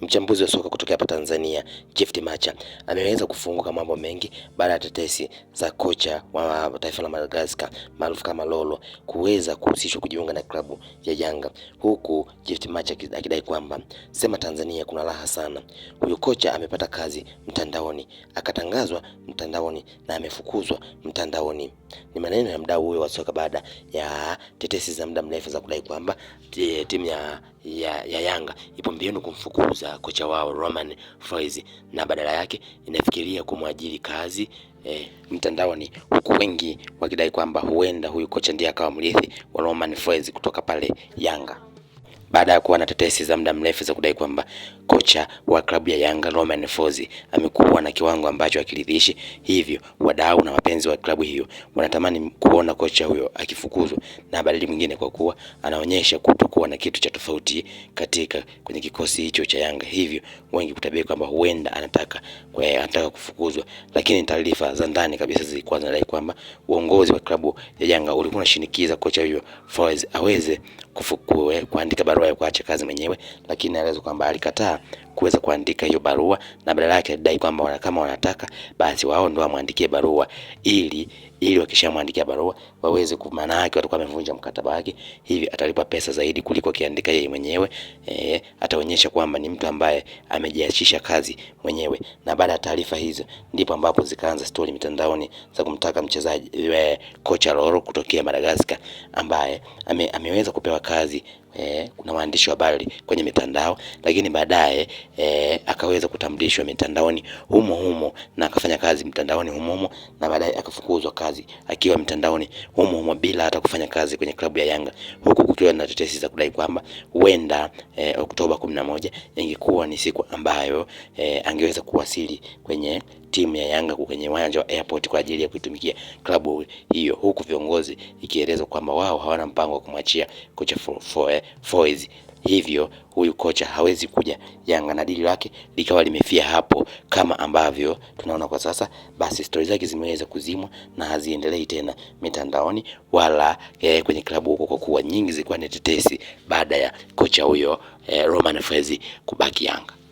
Mchambuzi wa soka kutoka hapa Tanzania Jeff Macha ameweza kufunguka mambo mengi baada ya tetesi za kocha wa taifa la Madagascar maarufu kama Lolo kuweza kuhusishwa kujiunga na klabu ya Yanga, huku Jeff Macha akidai kwamba sema Tanzania kuna raha sana, huyu kocha amepata kazi mtandaoni, akatangazwa mtandaoni na amefukuzwa mtandaoni. Ni maneno ya mdau huyo wa soka baada ya tetesi za muda mrefu za kudai kwamba eh, timu ya ya, ya Yanga ipo mbioni kumfukuza kocha wao Roman Flores na badala yake inafikiria kumwajiri kazi e, mtandaoni, huku wengi wakidai kwamba huenda huyu kocha ndiye akawa mrithi wa Roman Flores kutoka pale Yanga baada ya kuwa na tetesi za muda mrefu za kudai kwamba kocha wa klabu ya Yanga Romain Folz amekuwa na kiwango ambacho hakiridhishi, hivyo wadau na wapenzi wa klabu hiyo wanatamani kuona kocha huyo akifukuzwa na badili mwingine, kwa kuwa anaonyesha kutokuwa na kitu cha tofauti katika kwenye kikosi hicho cha Yanga, hivyo wengi kutabiri kwamba huenda anataka kwa eh, anataka kufukuzwa, lakini taarifa za ndani kabisa zilikuwa zinadai kwamba uongozi wa klabu ya Yanga ulikuwa unashinikiza kocha huyo Folz aweze kufukuwe kuandika barua ya kuacha kazi mwenyewe, lakini alieleza kwamba alikataa 것이다. kuweza kuandika hiyo barua, na badala yake alidai kwamba kama wanataka basi wao ndio wamwandikie barua ili ili wakishamwandikia barua waweze maana yake watakuwa wamevunja mkataba wake, hivi atalipa pesa zaidi kuliko akiandika yeye mwenyewe. E, ataonyesha kwamba ni mtu ambaye amejiachisha kazi mwenyewe. Na baada ya taarifa hizo ndipo ambapo zikaanza stori mitandaoni za kumtaka mchezaji e, kocha Loro kutokea Madagascar ambaye ame, ameweza kupewa kazi e, kuna waandishi wa habari kwenye mitandao, lakini baadaye e, akaweza kutambulishwa mitandaoni humo humo na akafanya kazi mtandaoni humo humo na baadaye akafukuzwa kazi akiwa mtandaoni humo humo bila hata kufanya kazi kwenye klabu ya Yanga, huku kukiwa na tetesi za kudai kwamba huenda e, Oktoba 11 ingekuwa ni siku ambayo e, angeweza kuwasili kwenye timu ya Yanga kwenye uwanja wa airport kwa ajili ya kuitumikia klabu hiyo, huku viongozi ikielezwa kwamba wao hawana mpango wa kumwachia kocha for, hivyo huyu kocha hawezi kuja Yanga na dili lake likawa limefia hapo, kama ambavyo tunaona kwa sasa. Basi stori zake zimeweza kuzimwa na haziendelei tena mitandaoni wala eh, kwenye klabu huko, kwa kuwa nyingi zilikuwa ni tetesi baada ya kocha huyo eh, Roman Fezi kubaki Yanga.